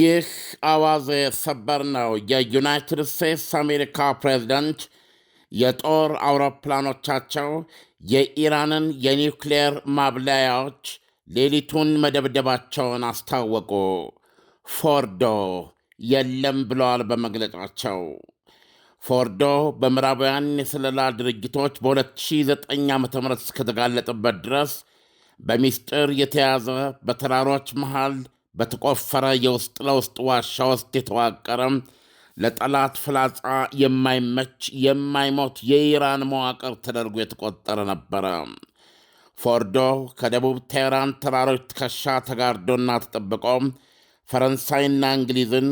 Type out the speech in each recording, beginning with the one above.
ይህ አዋዜ ሰበር ነው። የዩናይትድ ስቴትስ አሜሪካ ፕሬዝዳንት የጦር አውሮፕላኖቻቸው የኢራንን የኒውክሌር ማብላያዎች ሌሊቱን መደብደባቸውን አስታወቁ። ፎርዶ የለም ብለዋል በመግለጫቸው። ፎርዶ በምዕራባውያን የስለላ ድርጅቶች በ2009 ዓ ም እስከተጋለጠበት ድረስ በሚስጢር የተያዘ በተራሮች መሃል በተቆፈረ የውስጥ ለውስጥ ዋሻ ውስጥ የተዋቀረ ለጠላት ፍላጻ የማይመች የማይሞት የኢራን መዋቅር ተደርጎ የተቆጠረ ነበረ። ፎርዶ ከደቡብ ቴህራን ተራሮች ትከሻ ተጋርዶና ተጠብቆ ፈረንሳይና እንግሊዝን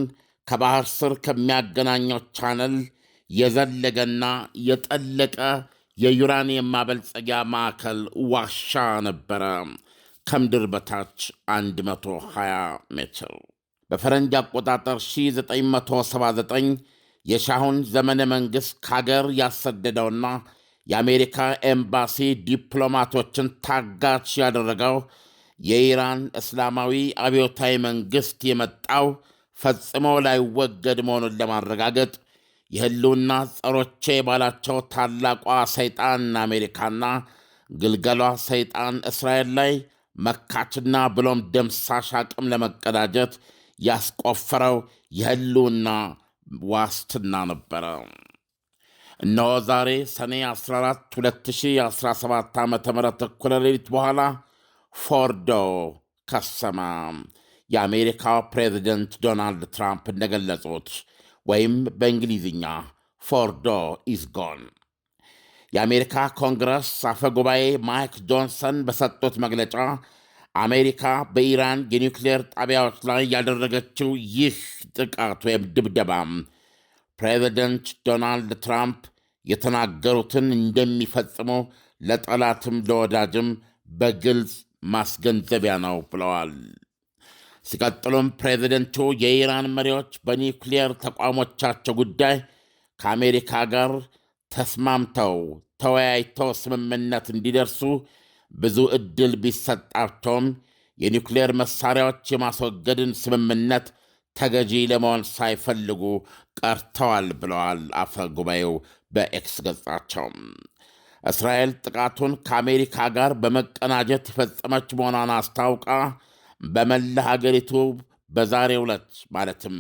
ከባህር ስር ከሚያገናኘው ቻነል የዘለገና የጠለቀ የዩራኒየም ማበልጸጊያ ማዕከል ዋሻ ነበረ። ከምድር በታች 120 ሜትር በፈረንጅ አቆጣጠር 1979 የሻሁን ዘመነ መንግሥት ከአገር ያሰደደውና የአሜሪካ ኤምባሲ ዲፕሎማቶችን ታጋች ያደረገው የኢራን እስላማዊ አብዮታዊ መንግሥት የመጣው ፈጽሞ ላይወገድ መሆኑን ለማረጋገጥ የህልውና ጸሮቼ ባላቸው ታላቋ ሰይጣን አሜሪካና ግልገሏ ሰይጣን እስራኤል ላይ መካችና ብሎም ደምሳሽ አቅም ለመቀዳጀት ያስቆፈረው የህልውና ዋስትና ነበረ። እነሆ ዛሬ ሰኔ 14 2017 ዓ ም እኩለ ሌሊት በኋላ ፎርዶ ከሰማ። የአሜሪካው ፕሬዚደንት ዶናልድ ትራምፕ እንደገለጹት ወይም በእንግሊዝኛ ፎርዶ ኢዝ ጎን። የአሜሪካ ኮንግረስ አፈ ጉባኤ ማይክ ጆንሰን በሰጡት መግለጫ አሜሪካ በኢራን የኒውክሌር ጣቢያዎች ላይ ያደረገችው ይህ ጥቃት ወይም ድብደባ ፕሬዚደንት ዶናልድ ትራምፕ የተናገሩትን እንደሚፈጽሙ ለጠላትም ለወዳጅም በግልጽ ማስገንዘቢያ ነው ብለዋል። ሲቀጥሉም ፕሬዚደንቱ የኢራን መሪዎች በኒውክሊየር ተቋሞቻቸው ጉዳይ ከአሜሪካ ጋር ተስማምተው ተወያይተው ስምምነት እንዲደርሱ ብዙ ዕድል ቢሰጣቸውም የኒውክሌር መሣሪያዎች የማስወገድን ስምምነት ተገዢ ለመሆን ሳይፈልጉ ቀርተዋል ብለዋል አፈ ጉባኤው በኤክስ ገጻቸው። እስራኤል ጥቃቱን ከአሜሪካ ጋር በመቀናጀት የፈጸመች መሆኗን አስታውቃ በመላ ሀገሪቱ በዛሬ ዕለት ማለትም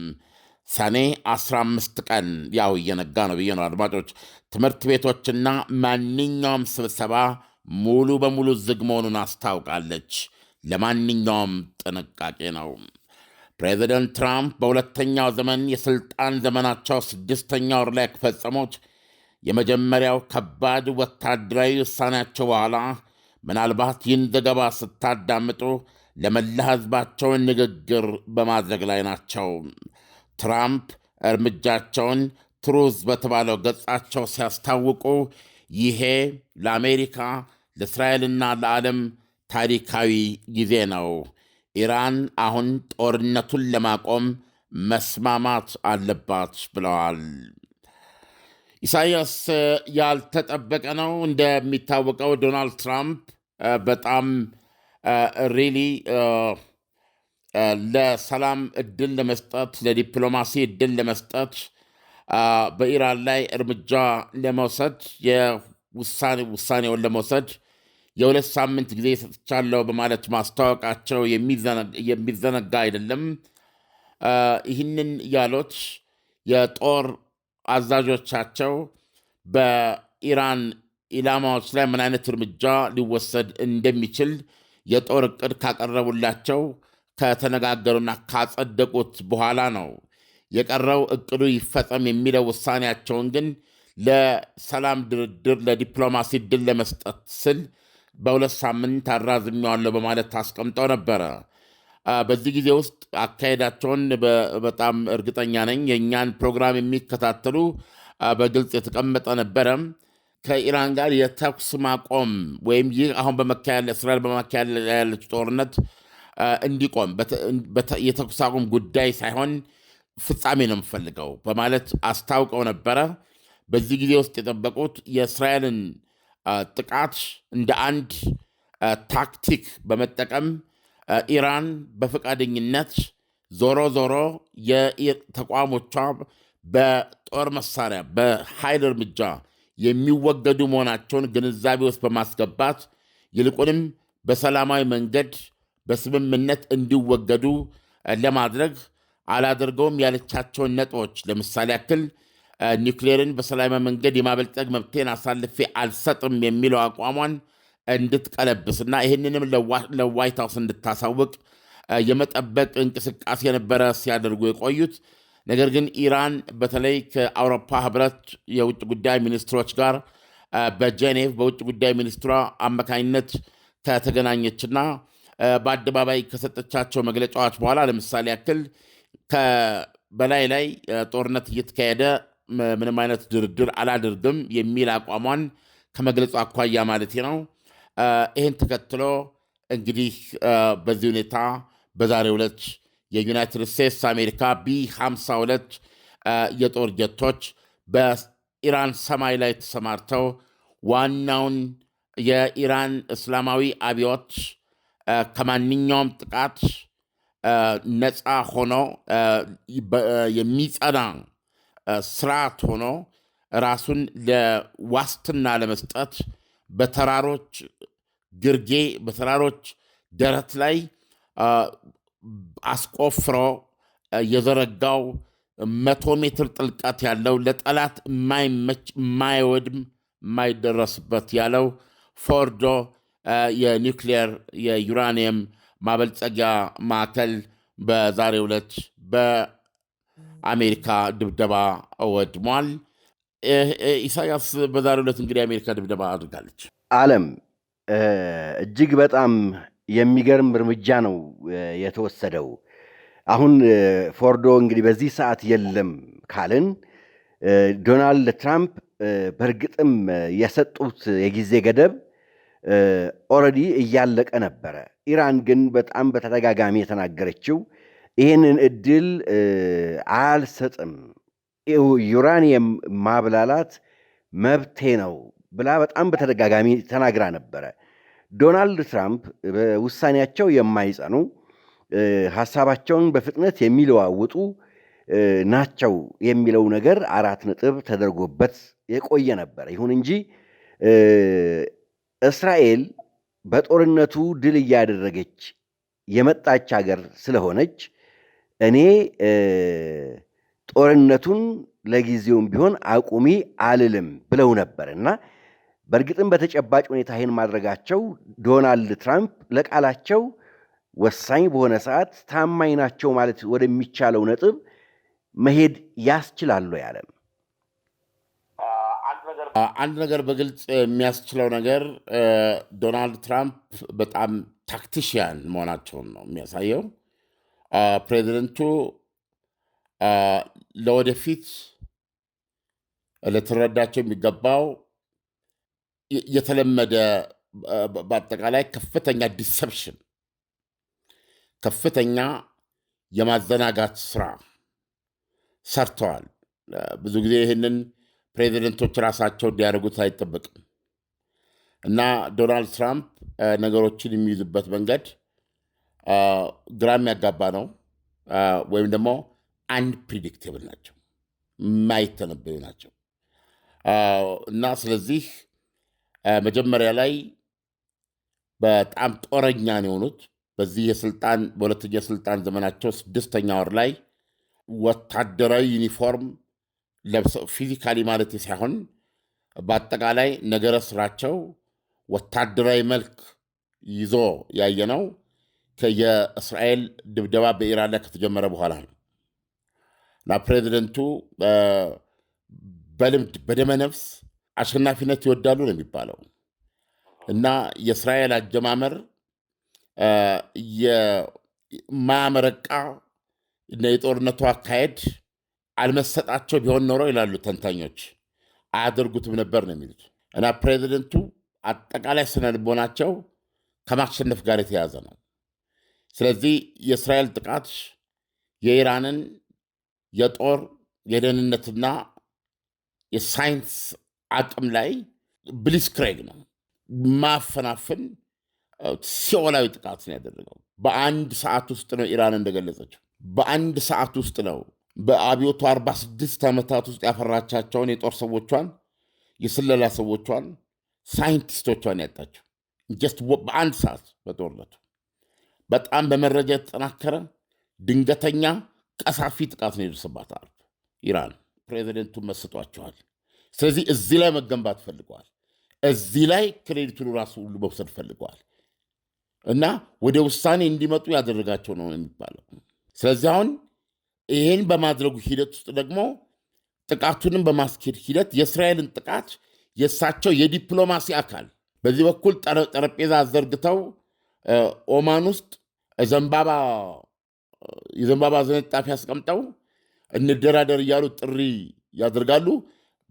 ሰኔ 15 ቀን ያው እየነጋ ነው ብዬ ነው አድማጮች፣ ትምህርት ቤቶችና ማንኛውም ስብሰባ ሙሉ በሙሉ ዝግ መሆኑን አስታውቃለች። ለማንኛውም ጥንቃቄ ነው። ፕሬዚደንት ትራምፕ በሁለተኛው ዘመን የሥልጣን ዘመናቸው ስድስተኛ ወር ላይ ከፈጸሙት የመጀመሪያው ከባድ ወታደራዊ ውሳኔያቸው በኋላ ምናልባት ይህን ዘገባ ስታዳምጡ ለመላ ሕዝባቸውን ንግግር በማድረግ ላይ ናቸው። ትራምፕ እርምጃቸውን ትሩዝ በተባለው ገጻቸው ሲያስታውቁ ይሄ ለአሜሪካ ለእስራኤልና ለዓለም ታሪካዊ ጊዜ ነው፣ ኢራን አሁን ጦርነቱን ለማቆም መስማማት አለባት ብለዋል። ኢሳያስ ያልተጠበቀ ነው። እንደሚታወቀው ዶናልድ ትራምፕ በጣም ሪሊ ለሰላም እድል ለመስጠት ለዲፕሎማሲ እድል ለመስጠት በኢራን ላይ እርምጃ ለመውሰድ ውሳኔውን ለመውሰድ የሁለት ሳምንት ጊዜ ሰጥቻለሁ በማለት ማስታወቃቸው የሚዘነጋ አይደለም። ይህንን ያሉት የጦር አዛዦቻቸው በኢራን ኢላማዎች ላይ ምን አይነት እርምጃ ሊወሰድ እንደሚችል የጦር እቅድ ካቀረቡላቸው ከተነጋገሩና ካጸደቁት በኋላ ነው። የቀረው እቅዱ ይፈጸም የሚለው ውሳኔያቸውን ግን ለሰላም ድርድር፣ ለዲፕሎማሲ ድል ለመስጠት ስል በሁለት ሳምንት አራዝሜዋለሁ በማለት አስቀምጠው ነበረ። በዚህ ጊዜ ውስጥ አካሄዳቸውን በጣም እርግጠኛ ነኝ የእኛን ፕሮግራም የሚከታተሉ በግልጽ የተቀመጠ ነበረ። ከኢራን ጋር የተኩስ ማቆም ወይም ይህ አሁን በመካሄድ እስራኤል በመካሄድ ያለች ጦርነት እንዲቆም የተኩስ አቁም ጉዳይ ሳይሆን ፍጻሜ ነው የምፈልገው በማለት አስታውቀው ነበረ። በዚህ ጊዜ ውስጥ የጠበቁት የእስራኤልን ጥቃት እንደ አንድ ታክቲክ በመጠቀም ኢራን በፈቃደኝነት ዞሮ ዞሮ የተቋሞቿ በጦር መሳሪያ በኃይል እርምጃ የሚወገዱ መሆናቸውን ግንዛቤ ውስጥ በማስገባት ይልቁንም በሰላማዊ መንገድ በስምምነት እንዲወገዱ ለማድረግ አላደርገውም ያለቻቸውን ነጥቦች ለምሳሌ ያክል ኒውክሌርን በሰላማዊ መንገድ የማበልጸግ መብቴን አሳልፌ አልሰጥም የሚለው አቋሟን እንድትቀለብስና ይህንንም ለዋይት ሀውስ እንድታሳውቅ የመጠበቅ እንቅስቃሴ ነበረ ሲያደርጉ የቆዩት። ነገር ግን ኢራን በተለይ ከአውሮፓ ህብረት የውጭ ጉዳይ ሚኒስትሮች ጋር በጄኔቭ በውጭ ጉዳይ ሚኒስትሯ አማካኝነት ከተገናኘችና በአደባባይ ከሰጠቻቸው መግለጫዎች በኋላ ለምሳሌ ያክል በላይ ላይ ጦርነት እየተካሄደ ምንም አይነት ድርድር አላደርግም የሚል አቋሟን ከመግለጽ አኳያ ማለት ነው። ይህን ተከትሎ እንግዲህ በዚህ ሁኔታ በዛሬው ዕለት የዩናይትድ ስቴትስ አሜሪካ ቢ52 የጦር ጀቶች በኢራን ሰማይ ላይ ተሰማርተው ዋናውን የኢራን እስላማዊ አብዮት ከማንኛውም ጥቃት ነፃ ሆኖ የሚጸና ስርዓት ሆኖ ራሱን ለዋስትና ለመስጠት በተራሮች ግርጌ በተራሮች ደረት ላይ አስቆፍሮ የዘረጋው መቶ ሜትር ጥልቀት ያለው ለጠላት የማይመች የማይወድም የማይደረስበት ያለው ፎርዶ የኒውክሌር የዩራኒየም ማበልጸጊያ ማዕከል በዛሬው ዕለት በአሜሪካ ድብደባ ወድሟል። ኢሳያስ፣ በዛሬው ዕለት እንግዲህ የአሜሪካ ድብደባ አድርጋለች። ዓለም እጅግ በጣም የሚገርም እርምጃ ነው የተወሰደው። አሁን ፎርዶ እንግዲህ በዚህ ሰዓት የለም ካልን ዶናልድ ትራምፕ በእርግጥም የሰጡት የጊዜ ገደብ ኦልሬዲ እያለቀ ነበረ። ኢራን ግን በጣም በተደጋጋሚ የተናገረችው ይህንን እድል አልሰጥም፣ ዩራኒየም ማብላላት መብቴ ነው ብላ በጣም በተደጋጋሚ ተናግራ ነበረ። ዶናልድ ትራምፕ በውሳኔያቸው የማይጸኑ ሀሳባቸውን በፍጥነት የሚለዋውጡ ናቸው የሚለው ነገር አራት ነጥብ ተደርጎበት የቆየ ነበር። ይሁን እንጂ እስራኤል በጦርነቱ ድል እያደረገች የመጣች ሀገር ስለሆነች እኔ ጦርነቱን ለጊዜውም ቢሆን አቁሚ አልልም ብለው ነበር እና በእርግጥም በተጨባጭ ሁኔታ ይህን ማድረጋቸው ዶናልድ ትራምፕ ለቃላቸው ወሳኝ በሆነ ሰዓት ታማኝ ናቸው ማለት ወደሚቻለው ነጥብ መሄድ ያስችላሉ ያለም አንድ ነገር በግልጽ የሚያስችለው ነገር ዶናልድ ትራምፕ በጣም ታክቲሽያን መሆናቸውን ነው የሚያሳየው። ፕሬዚደንቱ ለወደፊት ልትረዳቸው የሚገባው የተለመደ በአጠቃላይ ከፍተኛ ዲሰፕሽን፣ ከፍተኛ የማዘናጋት ስራ ሰርተዋል። ብዙ ጊዜ ይህንን ፕሬዚደንቶች ራሳቸው እንዲያደርጉት አይጠበቅም እና ዶናልድ ትራምፕ ነገሮችን የሚይዙበት መንገድ ግራ የሚያጋባ ነው፣ ወይም ደግሞ አንድ ናቸው፣ የማይተነበዩ ናቸው እና ስለዚህ መጀመሪያ ላይ በጣም ጦረኛ ነው የሆኑት። በዚህ የስልጣን በሁለተኛ የስልጣን ዘመናቸው ስድስተኛ ወር ላይ ወታደራዊ ዩኒፎርም ለብሰው ፊዚካሊ ማለት ሳይሆን በአጠቃላይ ነገረ ስራቸው ወታደራዊ መልክ ይዞ ያየ ነው የእስራኤል ድብደባ በኢራን ላይ ከተጀመረ በኋላ ነው እና ፕሬዚደንቱ በልምድ በደመነፍስ። አሸናፊነት ይወዳሉ ነው የሚባለው እና የእስራኤል አጀማመር የማያመረቃ የጦርነቱ አካሄድ አልመሰጣቸው ቢሆን ኖረው ይላሉ ተንታኞች አያደርጉትም ነበር ነው የሚሉት እና ፕሬዚደንቱ አጠቃላይ ስነልቦናቸው ከማሸነፍ ጋር የተያዘ ነው። ስለዚህ የእስራኤል ጥቃት የኢራንን የጦር የደህንነትና የሳይንስ አቅም ላይ ብሊስክሬግ ነው ማፈናፍን ሲኦላዊ ጥቃት ነው ያደረገው። በአንድ ሰዓት ውስጥ ነው ኢራን እንደገለጸችው፣ በአንድ ሰዓት ውስጥ ነው በአብዮቱ 46 ዓመታት ውስጥ ያፈራቻቸውን የጦር ሰዎቿን፣ የስለላ ሰዎቿን፣ ሳይንቲስቶቿን ያጣቸው ጀስት በአንድ ሰዓት በጦርነቱ በጣም በመረጃ የተጠናከረ ድንገተኛ ቀሳፊ ጥቃት ነው የደረሰባት አርብ ኢራን። ፕሬዚደንቱ መስጧቸዋል። ስለዚህ እዚህ ላይ መገንባት ፈልገዋል። እዚህ ላይ ክሬዲቱን ራሱ ሁሉ መውሰድ ፈልገዋል እና ወደ ውሳኔ እንዲመጡ ያደረጋቸው ነው የሚባለው። ስለዚህ አሁን ይህን በማድረጉ ሂደት ውስጥ ደግሞ ጥቃቱንም በማስኬድ ሂደት የእስራኤልን ጥቃት የእሳቸው የዲፕሎማሲ አካል በዚህ በኩል ጠረጴዛ ዘርግተው ኦማን ውስጥ ዘንባባ የዘንባባ ዘነጣፊ አስቀምጠው እንደራደር እያሉ ጥሪ ያደርጋሉ።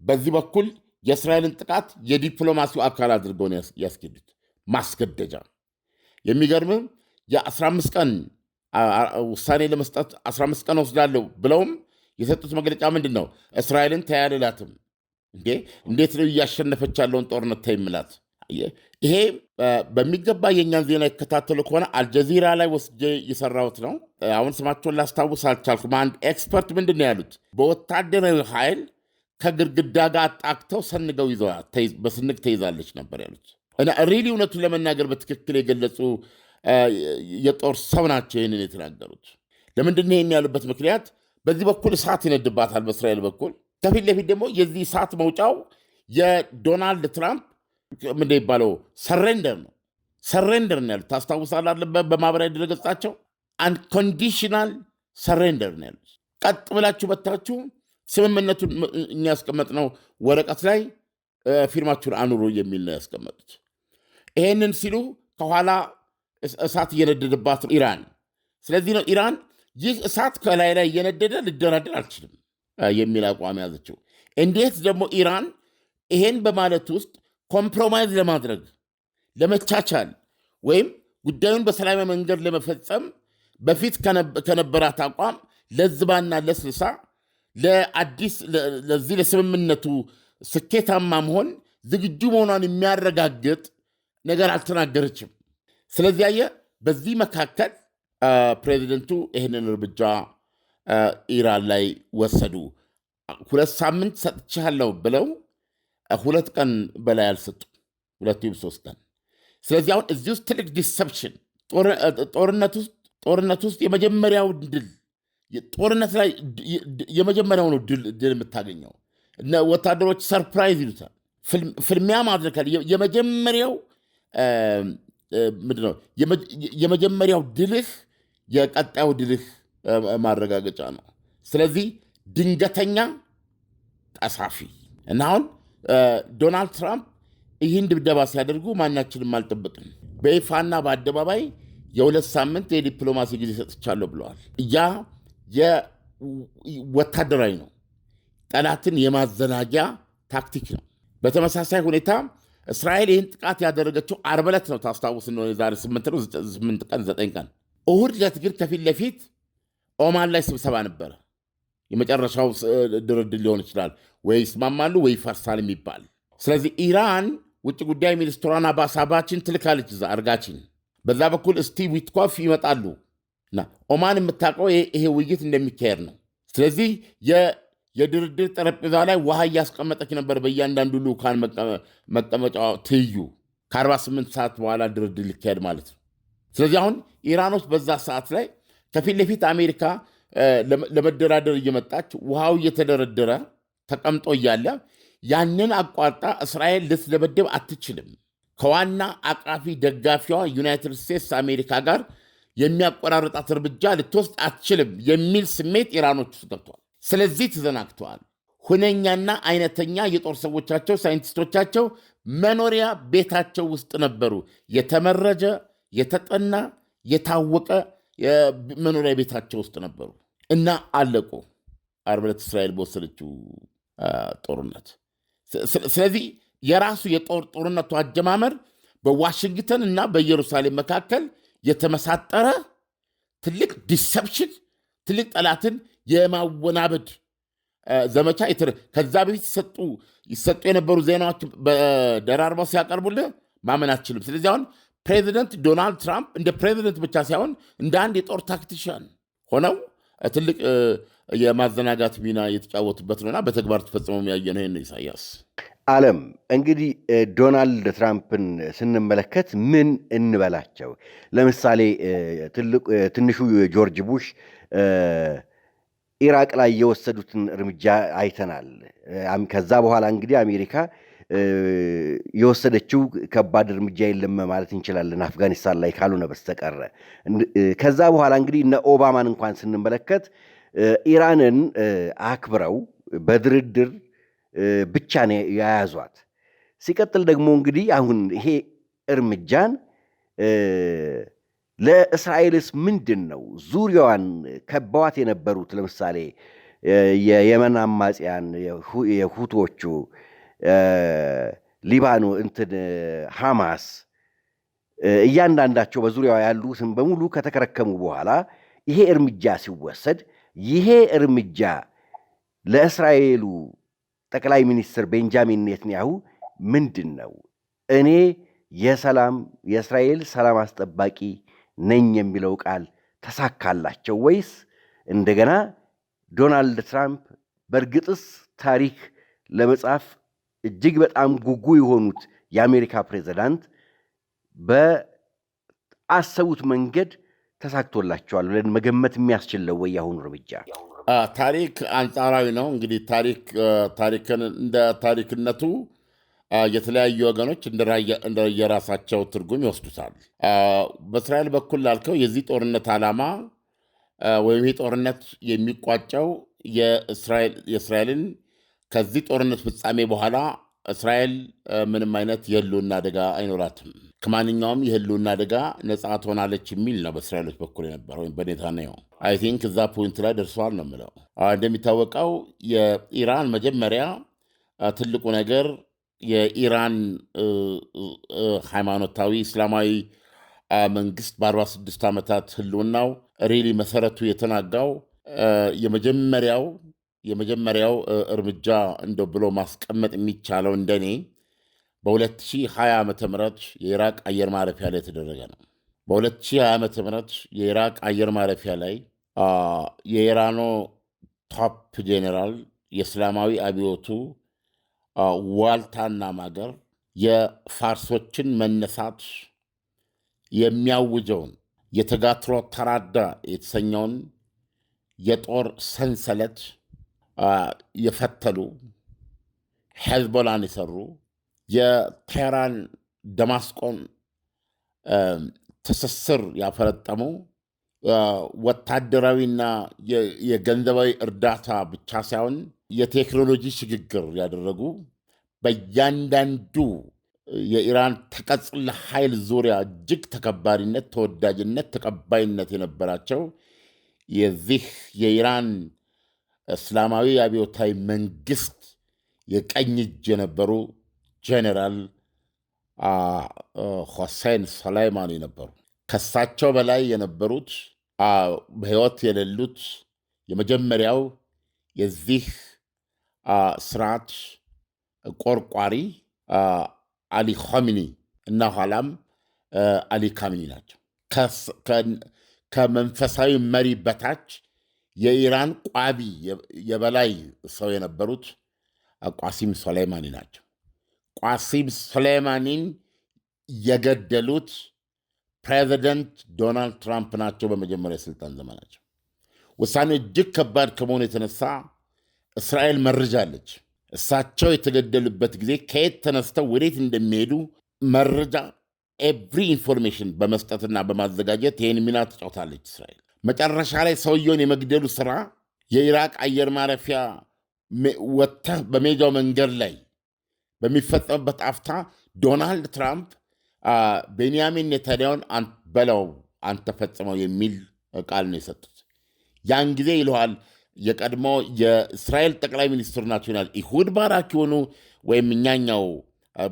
በዚህ በኩል የእስራኤልን ጥቃት የዲፕሎማሲው አካል አድርገው ነው ያስኬዱት። ማስገደጃ የሚገርምም የ15 ቀን ውሳኔ ለመስጠት 15 ቀን ወስዳለሁ ብለውም የሰጡት መግለጫ ምንድን ነው? እስራኤልን ተያልላትም እንዴ እንዴት ነው እያሸነፈች ያለውን ጦርነት ተይምላት። ይሄ በሚገባ የእኛን ዜና ይከታተሉ ከሆነ አልጀዚራ ላይ ወስጄ የሰራሁት ነው። አሁን ስማቸውን ላስታውስ አልቻልኩም። አንድ ኤክስፐርት ምንድን ነው ያሉት? በወታደራዊ ኃይል ከግድግዳ ጋር አጣክተው ሰንገው በስንቅ ተይዛለች ነበር ያሉት እና ሪሊ እውነቱን ለመናገር በትክክል የገለጹ የጦር ሰው ናቸው ይህንን የተናገሩት። ለምንድን ይህን ያሉበት ምክንያት በዚህ በኩል እሳት ይነድባታል በእስራኤል በኩል ከፊት ለፊት ደግሞ የዚህ እሳት መውጫው የዶናልድ ትራምፕ ምንድ ይባለው ሰሬንደር ነው። ሰሬንደር ነው ያሉት ታስታውሳል በማህበራዊ ድረገጻቸው አንኮንዲሽናል ሰሬንደር ነው ያሉት። ቀጥ ብላችሁ በታችሁ ስምምነቱን የሚያስቀመጥነው ወረቀት ላይ ፊርማችሁን አኑሩ የሚል ነው ያስቀመጡት። ይሄንን ሲሉ ከኋላ እሳት እየነደደባት ኢራን። ስለዚህ ነው ኢራን ይህ እሳት ከላይ ላይ እየነደደ ልደራደር አልችልም የሚል አቋም ያዘችው። እንዴት ደግሞ ኢራን ይሄን በማለት ውስጥ ኮምፕሮማይዝ ለማድረግ ለመቻቻል ወይም ጉዳዩን በሰላማዊ መንገድ ለመፈጸም በፊት ከነበራት አቋም ለዝባና ለስልሳ ለአዲስ ለዚህ ለስምምነቱ ስኬታማ መሆን ዝግጁ መሆኗን የሚያረጋግጥ ነገር አልተናገረችም። ስለዚህ አየ በዚህ መካከል ፕሬዚደንቱ ይህንን እርምጃ ኢራን ላይ ወሰዱ። ሁለት ሳምንት ሰጥቼሃለሁ ብለው ሁለት ቀን በላይ አልሰጡ፣ ሁለትም ሶስት ቀን። ስለዚህ አሁን እዚህ ውስጥ ትልቅ ዲሰፕሽን ጦርነት ውስጥ የመጀመሪያው ድል ጦርነት ላይ የመጀመሪያው ነው ድል የምታገኘው። ወታደሮች ሰርፕራይዝ ይሉታል። ፍልሚያ ማድረግ የመጀመሪያው ምንድን ነው? የመጀመሪያው ድልህ የቀጣዩ ድልህ ማረጋገጫ ነው። ስለዚህ ድንገተኛ ጠሳፊ እና አሁን ዶናልድ ትራምፕ ይህን ድብደባ ሲያደርጉ ማናችንም አልጠበቅም። በይፋና በአደባባይ የሁለት ሳምንት የዲፕሎማሲ ጊዜ ሰጥቻለሁ ብለዋል። ያ ወታደራዊ ነው። ጠላትን የማዘናጊያ ታክቲክ ነው። በተመሳሳይ ሁኔታ እስራኤል ይህን ጥቃት ያደረገችው ዓርብ ዕለት ነው። ታስታውስ እንደሆነ የዛሬ ስምንት ነው ስምንት ቀን ዘጠኝ ቀን። እሁድ ዕለት ግን ከፊት ለፊት ኦማን ላይ ስብሰባ ነበረ። የመጨረሻው ድርድር ሊሆን ይችላል ወይ ይስማማሉ ወይ ይፈርሳል የሚባል ስለዚህ ኢራን ውጭ ጉዳይ ሚኒስትሯን አባሳባችን ትልካለች እዛ አርጋችን። በዛ በኩል ስቲቭ ዊትኮፍ ይመጣሉ እና ኦማን የምታውቀው ይሄ ውይይት እንደሚካሄድ ነው። ስለዚህ የድርድር ጠረጴዛ ላይ ውሃ እያስቀመጠች ነበር። በእያንዳንዱ ልኡካን መቀመጫ ትይዩ ከ48 ሰዓት በኋላ ድርድር ሊካሄድ ማለት ነው። ስለዚህ አሁን ኢራኖች በዛ ሰዓት ላይ ከፊት ለፊት አሜሪካ ለመደራደር እየመጣች ውሃው እየተደረደረ ተቀምጦ እያለ ያንን አቋርጣ እስራኤል ልትደበድብ አትችልም። ከዋና አቃፊ ደጋፊዋ ዩናይትድ ስቴትስ አሜሪካ ጋር የሚያቆራርጣት እርምጃ ልትወስድ አትችልም የሚል ስሜት ኢራኖች ውስጥ ገብቷል። ስለዚህ ተዘናግተዋል። ሁነኛና አይነተኛ የጦር ሰዎቻቸው ሳይንቲስቶቻቸው መኖሪያ ቤታቸው ውስጥ ነበሩ። የተመረጀ የተጠና የታወቀ መኖሪያ ቤታቸው ውስጥ ነበሩ እና አለቁ። ዓርብ ዕለት እስራኤል በወሰደችው ጦርነት። ስለዚህ የራሱ የጦር ጦርነቱ አጀማመር በዋሽንግተን እና በኢየሩሳሌም መካከል የተመሳጠረ ትልቅ ዲሰፕሽን፣ ትልቅ ጠላትን የማወናበድ ዘመቻ ከዛ በፊት ይሰጡ የነበሩ ዜናዎች በደራርበው ሲያቀርቡልህ ማመን አትችልም። ስለዚህ አሁን ፕሬዚደንት ዶናልድ ትራምፕ እንደ ፕሬዚደንት ብቻ ሳይሆን እንደ አንድ የጦር ታክቲሽያን ሆነው ትልቅ የማዘናጋት ሚና የተጫወቱበት ነውና በተግባር ተፈጽሞ ያየ ነው። ኢሳያስ አለም እንግዲህ ዶናልድ ትራምፕን ስንመለከት ምን እንበላቸው? ለምሳሌ ትንሹ ጆርጅ ቡሽ ኢራቅ ላይ የወሰዱትን እርምጃ አይተናል። ከዛ በኋላ እንግዲህ አሜሪካ የወሰደችው ከባድ እርምጃ የለም ማለት እንችላለን፣ አፍጋኒስታን ላይ ካልሆነ በስተቀረ። ከዛ በኋላ እንግዲህ እነ ኦባማን እንኳን ስንመለከት ኢራንን አክብረው በድርድር ብቻ ነው የያዟት። ሲቀጥል ደግሞ እንግዲህ አሁን ይሄ እርምጃን ለእስራኤልስ ምንድን ነው ዙሪያዋን ከበዋት የነበሩት ለምሳሌ የየመን አማጽያን የሁቶቹ፣ ሊባኖ እንትን ሐማስ እያንዳንዳቸው በዙሪያዋ ያሉትን በሙሉ ከተከረከሙ በኋላ ይሄ እርምጃ ሲወሰድ ይሄ እርምጃ ለእስራኤሉ ጠቅላይ ሚኒስትር ቤንጃሚን ኔትንያሁ ምንድን ነው እኔ የሰላም የእስራኤል ሰላም አስጠባቂ ነኝ የሚለው ቃል ተሳካላቸው ወይስ እንደገና ዶናልድ ትራምፕ በእርግጥስ ታሪክ ለመጻፍ እጅግ በጣም ጉጉ የሆኑት የአሜሪካ ፕሬዚዳንት በአሰቡት መንገድ ተሳክቶላቸዋል ብለን መገመት የሚያስችለው ወይ አሁኑ እርምጃ? ታሪክ አንጻራዊ ነው። እንግዲህ ታሪክ ታሪክን እንደ ታሪክነቱ የተለያዩ ወገኖች እንደየራሳቸው ትርጉም ይወስዱታል። በእስራኤል በኩል ላልከው የዚህ ጦርነት ዓላማ ወይም ይህ ጦርነት የሚቋጨው የእስራኤልን ከዚህ ጦርነት ፍጻሜ በኋላ እስራኤል ምንም አይነት የህልውና አደጋ አይኖራትም፣ ከማንኛውም የህልውና አደጋ ነፃ ትሆናለች የሚል ነው በእስራኤሎች በኩል የነበረ ወይም በኔታንያሁ አይ ቲንክ እዛ ፖይንት ላይ ደርሰዋል ነው የምለው። እንደሚታወቀው የኢራን መጀመሪያ ትልቁ ነገር የኢራን ሃይማኖታዊ እስላማዊ መንግስት በ46 ዓመታት ህልውናው ሪሊ መሰረቱ የተናጋው የመጀመሪያው የመጀመሪያው እርምጃ እንደ ብሎ ማስቀመጥ የሚቻለው እንደኔ በ2020 ዓ ም የኢራቅ አየር ማረፊያ ላይ የተደረገ ነው። በ2020 ዓ ም የኢራቅ አየር ማረፊያ ላይ የኢራኖ ቶፕ ጄኔራል የእስላማዊ አብዮቱ ዋልታና ማገር የፋርሶችን መነሳት የሚያውጀውን የተጋትሮ ተራዳ የተሰኘውን የጦር ሰንሰለት የፈተሉ ሄዝቦላን የሰሩ የቴህራን ደማስቆን ትስስር ያፈረጠሙ ወታደራዊና የገንዘባዊ እርዳታ ብቻ ሳይሆን የቴክኖሎጂ ሽግግር ያደረጉ በእያንዳንዱ የኢራን ተቀጽለ ኃይል ዙሪያ እጅግ ተከባሪነት፣ ተወዳጅነት፣ ተቀባይነት የነበራቸው የዚህ የኢራን እስላማዊ አብዮታዊ መንግስት የቀኝ እጅ የነበሩ ጄኔራል ሆሴን ሰላይማኒ ነበሩ። ከሳቸው በላይ የነበሩት በህይወት የሌሉት የመጀመሪያው የዚህ ስርዓት ቆርቋሪ አሊ ኮሚኒ እና ኋላም አሊ ካሚኒ ናቸው። ከመንፈሳዊ መሪ በታች የኢራን ቋቢ የበላይ ሰው የነበሩት ቋሲም ሶላይማኒ ናቸው። ቋሲም ሱሌማኒን የገደሉት ፕሬዚደንት ዶናልድ ትራምፕ ናቸው። በመጀመሪያ የስልጣን ዘመናቸው ውሳኔ እጅግ ከባድ ከመሆኑ የተነሳ እስራኤል መርጃለች። እሳቸው የተገደሉበት ጊዜ ከየት ተነስተው ወዴት እንደሚሄዱ መረጃ ኤቭሪ ኢንፎርሜሽን በመስጠትና በማዘጋጀት ይህን ሚና ተጫውታለች እስራኤል። መጨረሻ ላይ ሰውየውን የመግደሉ ስራ የኢራቅ አየር ማረፊያ ወጥተህ በሜጃው መንገድ ላይ በሚፈጸምበት አፍታ ዶናልድ ትራምፕ ቤንያሚን ኔታንያሁን በለው አንተ ፈጽመው የሚል ቃል ነው የሰጡት። ያን ጊዜ ይለዋል የቀድሞ የእስራኤል ጠቅላይ ሚኒስትሩ ናቸው ይላል ይሁድ ባራክ የሆኑ ወይም እኛኛው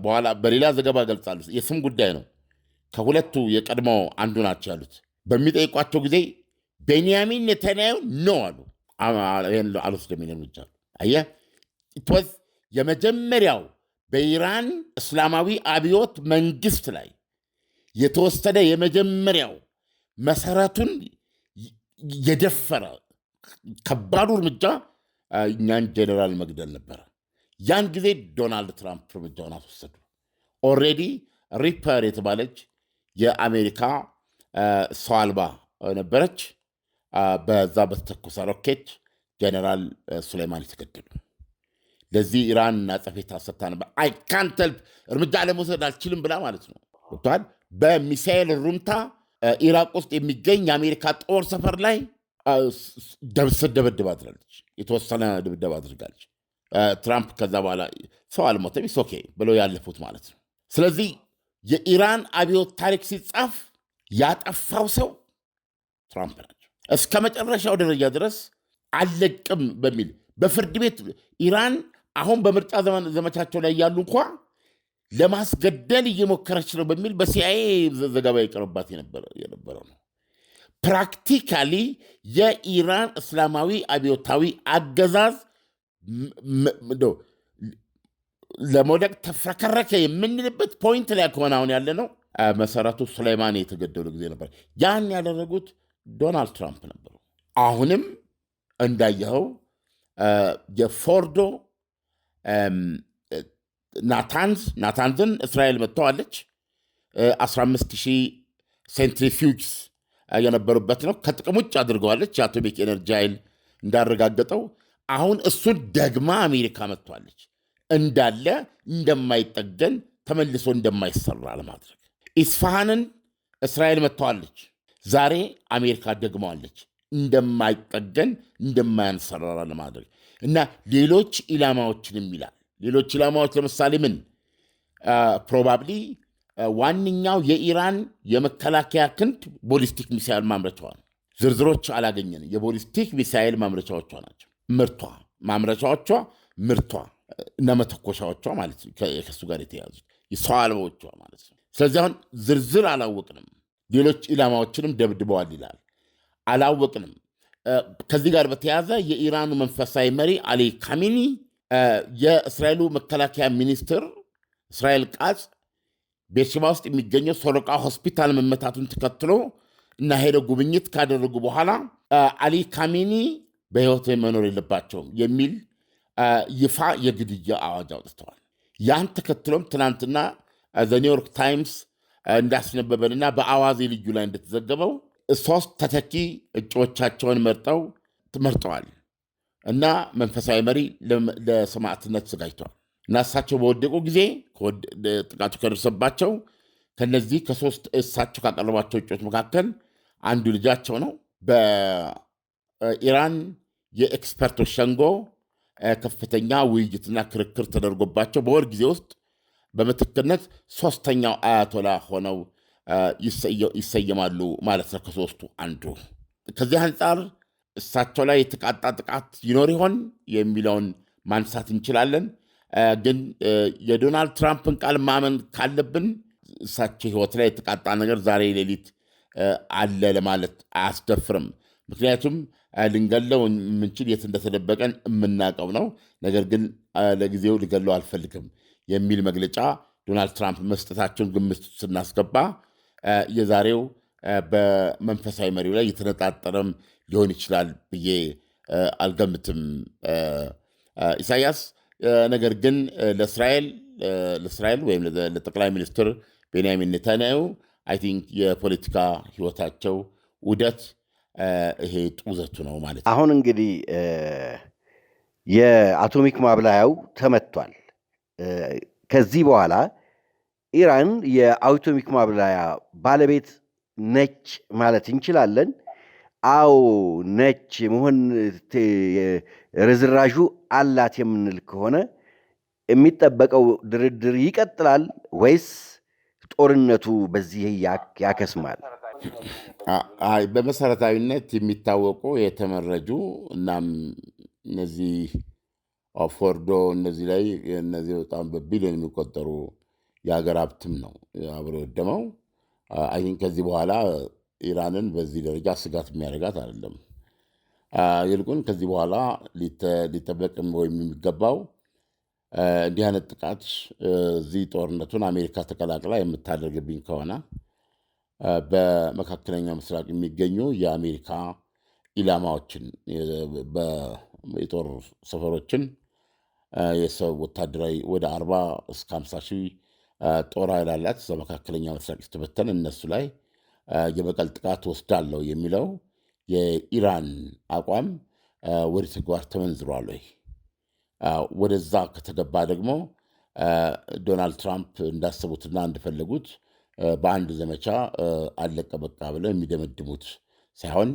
በኋላ በሌላ ዘገባ ገልጻሉ። የስም ጉዳይ ነው። ከሁለቱ የቀድሞ አንዱ ናቸው ያሉት በሚጠይቋቸው ጊዜ ቤንያሚን ኔታንያሁ ነው አሉ። አልወስድም እርምጃ አየህ የመጀመሪያው በኢራን እስላማዊ አብዮት መንግስት ላይ የተወሰደ የመጀመሪያው መሰረቱን የደፈረ ከባዱ እርምጃ እኛን ጀኔራል መግደል ነበረ። ያን ጊዜ ዶናልድ ትራምፕ እርምጃውን አስወሰዱ። ኦልሬዲ ሪፐር የተባለች የአሜሪካ ሰው አልባ ነበረች። በዛ በተተኮሰ ሮኬት ጀኔራል ሱሌማን የተገደሉ ለዚህ ኢራን አጸፋ ሰጥታ ነበር። አይ ካንት እርምጃ ለመውሰድ አልችልም ብላ ማለት ነው ወጥቷል። በሚሳኤል ሩምታ ኢራቅ ውስጥ የሚገኝ የአሜሪካ ጦር ሰፈር ላይ ስደበድብ አድራለች። የተወሰነ ድብደባ አድርጋለች። ትራምፕ ከዛ በኋላ ሰው አልሞተም ሶኬ ብለው ያለፉት ማለት ነው። ስለዚህ የኢራን አብዮት ታሪክ ሲጻፍ ያጠፋው ሰው ትራምፕ ናቸው። እስከ መጨረሻው ደረጃ ድረስ አለቅም በሚል በፍርድ ቤት ኢራን አሁን በምርጫ ዘመቻቸው ላይ ያሉ እንኳ ለማስገደል እየሞከረች ነው በሚል በሲአይኤ ዘገባ የቀረባት የነበረው ነው። ፕራክቲካሊ የኢራን እስላማዊ አብዮታዊ አገዛዝ ለመውደቅ ተፍረከረከ የምንልበት ፖይንት ላይ ከሆነ አሁን ያለ ነው። መሰረቱ ሱሌማኒ የተገደሉ ጊዜ ነበር። ያን ያደረጉት ዶናልድ ትራምፕ ነበሩ። አሁንም እንዳየኸው የፎርዶ ናታንዝ ናታንዝን እስራኤል መጥተዋለች። 15 ሺህ ሴንትሪፊውጅስ የነበሩበት ነው። ከጥቅም ውጭ አድርገዋለች። የአቶሚክ ኤነርጂ ኃይል እንዳረጋገጠው አሁን እሱን ደግማ አሜሪካ መጥተዋለች። እንዳለ እንደማይጠገን ተመልሶ እንደማይሰራ ለማድረግ ኢስፋሃንን እስራኤል መጥተዋለች። ዛሬ አሜሪካ ደግመዋለች። እንደማይጠገን እንደማያንሰራራ ለማድረግ እና ሌሎች ኢላማዎችንም ይላል። ሌሎች ኢላማዎች ለምሳሌ ምን ፕሮባብሊ ዋነኛው የኢራን የመከላከያ ክንድ ቦሊስቲክ ሚሳይል ማምረቻዋ ነው። ዝርዝሮች አላገኘን። የቦሊስቲክ ሚሳይል ማምረቻዎቿ ናቸው። ምርቷ ማምረቻዎቿ ምርቷ እና መተኮሻዎቿ ማለት ነው። ከሱ ጋር የተያዙት የሰው አልባዎቿ ማለት ነው። ስለዚህ አሁን ዝርዝር አላወቅንም። ሌሎች ኢላማዎችንም ደብድበዋል ይላል። አላወቅንም ከዚህ ጋር በተያያዘ የኢራኑ መንፈሳዊ መሪ አሊ ካሚኒ የእስራኤሉ መከላከያ ሚኒስትር እስራኤል ቃጽ ቤርሽባ ውስጥ የሚገኘው ሶሮቃ ሆስፒታል መመታቱን ተከትሎ እና ሄደ ጉብኝት ካደረጉ በኋላ አሊ ካሚኒ በሕይወት መኖር የለባቸውም የሚል ይፋ የግድያ አዋጅ አውጥተዋል። ያን ተከትሎም ትናንትና ዘ ኒውዮርክ ታይምስ እንዳስነበበንና በአዋዜ ልዩ ላይ እንደተዘገበው ሶስት ተተኪ እጩዎቻቸውን መርጠው መርጠዋል እና መንፈሳዊ መሪ ለሰማዕትነት ተዘጋጅተዋል እና እሳቸው በወደቁ ጊዜ ጥቃቱ ከደርሰባቸው ከነዚህ ከሶስት እሳቸው ካቀረቧቸው እጩዎች መካከል አንዱ ልጃቸው ነው። በኢራን የኤክስፐርቶች ሸንጎ ከፍተኛ ውይይትና ክርክር ተደርጎባቸው በወር ጊዜ ውስጥ በምትክነት ሶስተኛው አያቶላ ሆነው ይሰየማሉ ማለት ነው። ከሶስቱ አንዱ ከዚህ አንጻር እሳቸው ላይ የተቃጣ ጥቃት ይኖር ይሆን የሚለውን ማንሳት እንችላለን። ግን የዶናልድ ትራምፕን ቃል ማመን ካለብን እሳቸው ሕይወት ላይ የተቃጣ ነገር ዛሬ ሌሊት አለ ለማለት አያስደፍርም። ምክንያቱም ልንገለው የምንችል የት እንደተደበቀን የምናውቀው ነው። ነገር ግን ለጊዜው ልገለው አልፈልግም የሚል መግለጫ ዶናልድ ትራምፕ መስጠታቸውን ግምት ስናስገባ የዛሬው በመንፈሳዊ መሪው ላይ የተነጣጠረም ሊሆን ይችላል ብዬ አልገምትም ኢሳያስ። ነገር ግን ለእስራኤል ለእስራኤል ወይም ለጠቅላይ ሚኒስትር ቤንያሚን ኔታንያሁ አይ ቲንክ የፖለቲካ ህይወታቸው ውደት ይሄ ጡዘቱ ነው ማለት አሁን እንግዲህ የአቶሚክ ማብላያው ተመቷል። ከዚህ በኋላ ኢራን የአውቶሚክ ማብላያ ባለቤት ነች ማለት እንችላለን? አዎ ነች። መሆን ርዝራዡ አላት የምንል ከሆነ የሚጠበቀው ድርድር ይቀጥላል ወይስ ጦርነቱ በዚህ ያከስማል? አይ በመሰረታዊነት የሚታወቁ የተመረጁ እናም እነዚህ ፎርዶ እነዚህ ላይ እነዚህ በጣም በቢሊዮን የሚቆጠሩ የሀገር ሀብትም ነው አብሮ የወደመው። አይን ከዚህ በኋላ ኢራንን በዚህ ደረጃ ስጋት የሚያደርጋት አይደለም። ይልቁን ከዚህ በኋላ ሊጠበቅ ወይም የሚገባው እንዲህ አይነት ጥቃት እዚህ ጦርነቱን አሜሪካ ተቀላቅላ የምታደርግብኝ ከሆነ በመካከለኛው ምስራቅ የሚገኙ የአሜሪካ ኢላማዎችን የጦር ሰፈሮችን የሰው ወታደራዊ ወደ አርባ እስከ ሃምሳ ሺህ ጦር ኃይል አላት እዛ መካከለኛ ምስራቅ ስትበተን እነሱ ላይ የበቀል ጥቃት ወስዳለሁ የሚለው የኢራን አቋም ወደ ተግባር ተመንዝሯል ወይ? ወደዛ ከተገባ ደግሞ ዶናልድ ትራምፕ እንዳሰቡትና እንደፈለጉት በአንድ ዘመቻ አለቀ በቃ ብለው የሚደመድሙት ሳይሆን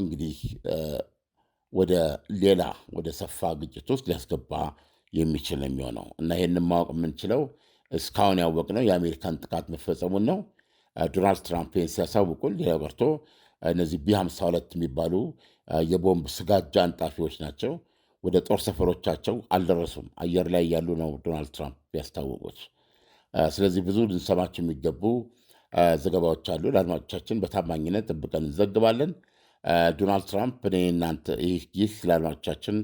እንግዲህ ወደ ሌላ ወደ ሰፋ ግጭት ውስጥ ሊያስገባ የሚችል የሚሆነው እና ይህንም ማወቅ የምንችለው እስካሁን ያወቅነው የአሜሪካን ጥቃት መፈጸሙን ነው። ዶናልድ ትራምፕን ሲያሳውቁን ሌላ በርቶ እነዚህ ቢ52 የሚባሉ የቦምብ ስጋጃ አንጣፊዎች ናቸው። ወደ ጦር ሰፈሮቻቸው አልደረሱም። አየር ላይ ያሉ ነው ዶናልድ ትራምፕ ያስታወቁት። ስለዚህ ብዙ ልንሰማቸው የሚገቡ ዘገባዎች አሉ። ለአድማጮቻችን በታማኝነት ጥብቀን እንዘግባለን። ዶናልድ ትራምፕ እኔ እናንተ ይህ ለአድማጮቻችን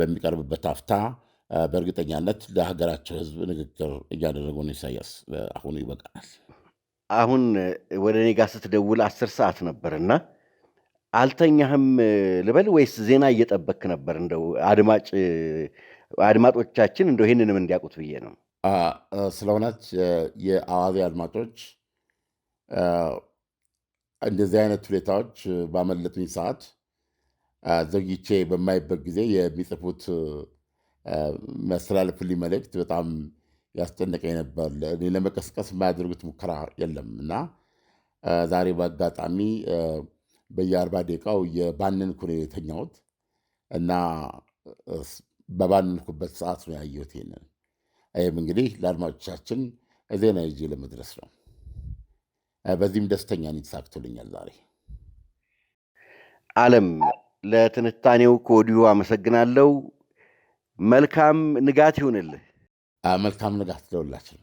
በሚቀርብበት አፍታ በእርግጠኛነት ለሀገራቸው ህዝብ ንግግር እያደረጉ ነው። ኢሳያስ አሁኑ ይበቃናል። አሁን ወደ እኔ ጋር ስትደውል አስር ሰዓት ነበር እና አልተኛህም ልበል ወይስ ዜና እየጠበክ ነበር? እንደው አድማጭ አድማጮቻችን እንደው ይህንንም እንዲያውቁት ብዬ ነው። ስለሆነች የአዋዜ አድማጮች እንደዚህ አይነት ሁኔታዎች ባመለጡኝ ሰዓት ዘግቼ በማይበት ጊዜ የሚጽፉት የሚያስተላልፉልኝ መልእክት በጣም ያስጨነቀኝ ነበር። እኔ ለመቀስቀስ የማያደርጉት ሙከራ የለም እና ዛሬ በአጋጣሚ በየአርባ ደቂቃው የባነንኩ ነው የተኛሁት እና በባንንኩበት ሰዓት ነው ያየሁት ይሄንን። ይህም እንግዲህ ለአድማጮቻችን ዜና ይዤ ለመድረስ ነው። በዚህም ደስተኛ ነኝ፣ ተሳክቶልኛል ዛሬ። አለም ለትንታኔው ከወዲሁ አመሰግናለሁ። መልካም ንጋት ይሁንልህ። መልካም ንጋት ለሁላችን።